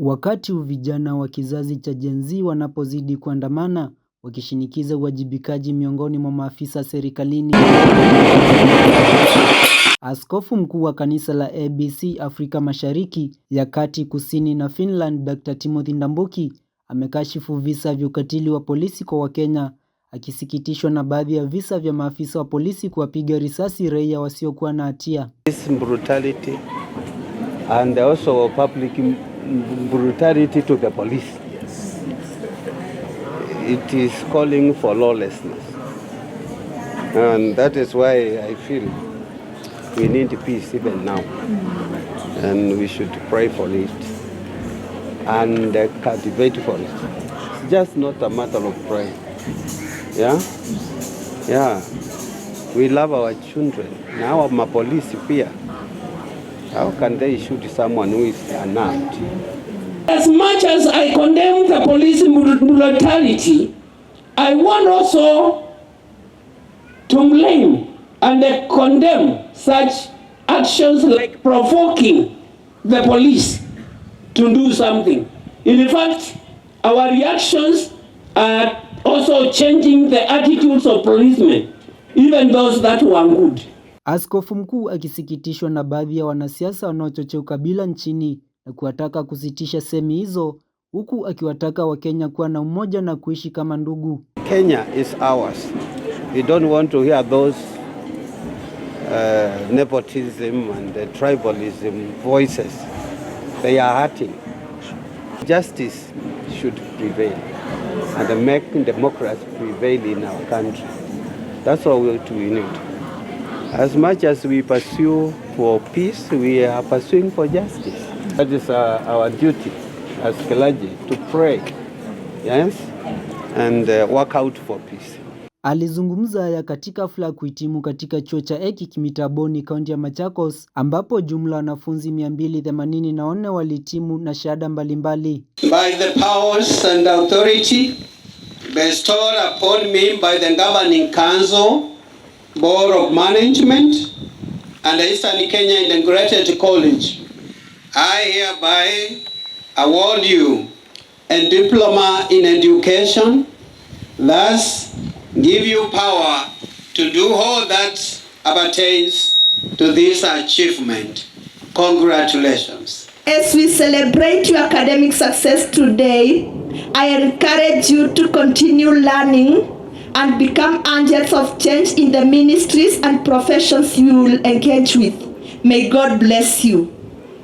Wakati vijana wa kizazi cha Gen Z wanapozidi kuandamana wakishinikiza uwajibikaji miongoni mwa maafisa serikalini. Askofu mkuu wa kanisa la ABC Afrika Mashariki ya Kati, Kusini na Finland, Dr. Timothy Ndambuki amekashifu visa vya ukatili wa polisi kwa Wakenya, akisikitishwa na baadhi ya visa vya maafisa wa polisi kuwapiga risasi raia wasiokuwa na hatia. This brutality and also public brutality to the police. It is calling for lawlessness. And that is why I feel we need peace even now. And we should pray for it and uh, cultivate for it. It's just not a matter of prayer. Yeah? Yeah. We love our children now our police pia How can they shoot someone who is unarmed? As much as I condemn the police brutality, I want also to blame and condemn such actions like provoking the police to do something. In fact, our reactions are also changing the attitudes of policemen, even those that were good. Askofu mkuu akisikitishwa na baadhi ya wanasiasa wanaochochea ukabila nchini na kuwataka kusitisha semi hizo huku akiwataka Wakenya kuwa na umoja na kuishi kama ndugu. Kenya is ours. We don't want to hear those uh, nepotism and the tribalism voices. They are hurting. Justice should prevail and make democracy prevail in our country. That's all we need. As much as we pursue for peace, we are pursuing for justice. That is our, uh, our duty as clergy to pray. Yes? And uh, work out for peace. Alizungumza haya katika hafla ya kuhitimu katika chuo cha EKIC Mitaboni, kaunti ya Machakos, ambapo jumla wanafunzi 284 walihitimu na shahada mbalimbali. By the powers and authority bestowed upon me by the governing council Board of Management and the Eastern Kenya Integrated College, I hereby award you a diploma in education, thus give you power to do all that appertains to this achievement. Congratulations. As we celebrate your academic success today, I encourage you to continue learning and become angels of change in the ministries and professions you will engage with. May God bless you,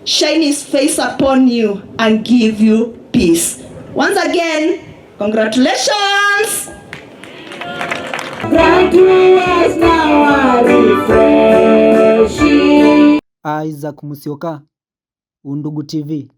shine His face upon you, and give you peace. Once again, congratulations! Isaac Musyoka, Undugu TV.